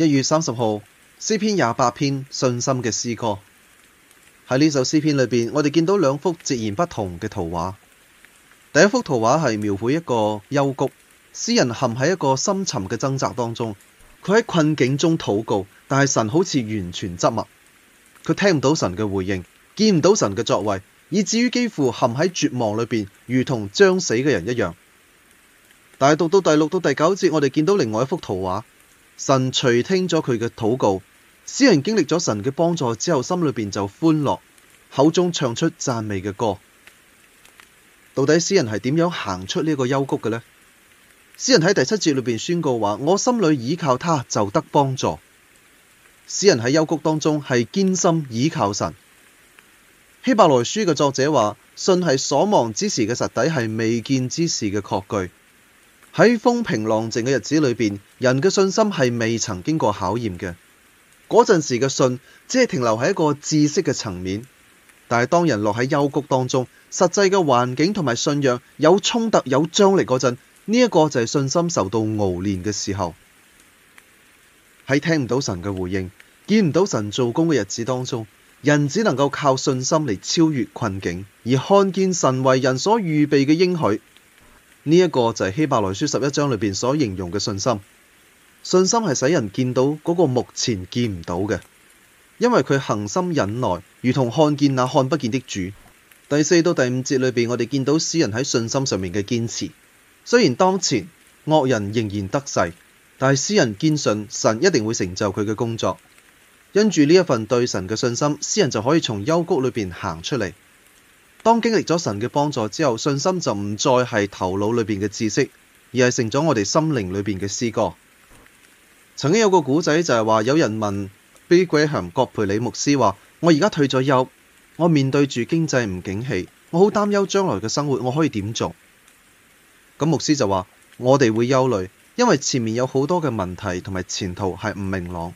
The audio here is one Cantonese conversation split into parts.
一月三十號，詩篇廿八篇信心嘅詩歌。喺呢首詩篇裏邊，我哋見到兩幅截然不同嘅圖畫。第一幅圖畫係描繪一個幽谷，詩人陷喺一個深沉嘅掙扎當中，佢喺困境中禱告，但係神好似完全緘默，佢聽唔到神嘅回應，見唔到神嘅作為，以至於幾乎陷喺絕望裏邊，如同將死嘅人一樣。但係讀到第六到第九節，我哋見到另外一幅圖畫。神垂聽咗佢嘅禱告，詩人經歷咗神嘅幫助之後，心裏邊就歡樂，口中唱出讚美嘅歌。到底詩人係點樣行出呢個幽谷嘅呢？詩人喺第七節裏邊宣告話：我心裏倚靠祂就得幫助。詩人喺幽谷當中係堅心倚靠神。希伯來書嘅作者話：信係所望之事嘅實底，係未見之事嘅確據。喺風平浪靜嘅日子裏邊，人嘅信心係未曾經過考驗嘅。嗰陣時嘅信只係停留喺一個知識嘅層面。但係當人落喺幽谷當中，實際嘅環境同埋信仰有衝突、有張力嗰陣，呢一個就係信心受到熬練嘅時候。喺聽唔到神嘅回應、見唔到神做工嘅日子當中，人只能夠靠信心嚟超越困境，而看見神為人所預備嘅應許。呢一個就係希伯來書十一章裏邊所形容嘅信心，信心係使人見到嗰個目前見唔到嘅。因為佢恒心忍耐，如同看見那看不見的主。第四到第五節裏邊，我哋見到詩人喺信心上面嘅堅持，雖然當前惡人仍然得勢，但係詩人堅信神一定會成就佢嘅工作。因住呢一份對神嘅信心，詩人就可以從幽谷裏邊行出嚟。當經歷咗神嘅幫助之後，信心就唔再係頭腦裏邊嘅知識，而係成咗我哋心靈裏邊嘅詩歌。曾經有個古仔就係話，有人問 B Graham 葛培理牧師話：我而家退咗休，我面對住經濟唔景氣，我好擔憂將來嘅生活，我可以點做？咁牧師就話：我哋會憂慮，因為前面有好多嘅問題同埋前途係唔明朗。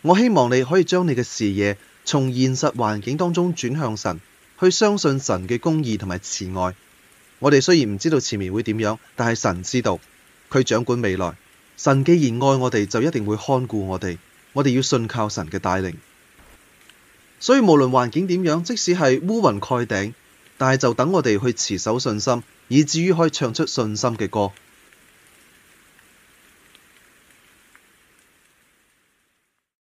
我希望你可以將你嘅視野從現實環境當中轉向神。去相信神嘅公義同埋慈愛，我哋雖然唔知道前面會點樣，但係神知道，佢掌管未來。神既然愛我哋，就一定會看顧我哋。我哋要信靠神嘅帶領，所以無論環境點樣，即使係烏雲蓋頂，但係就等我哋去持守信心，以至於可以唱出信心嘅歌。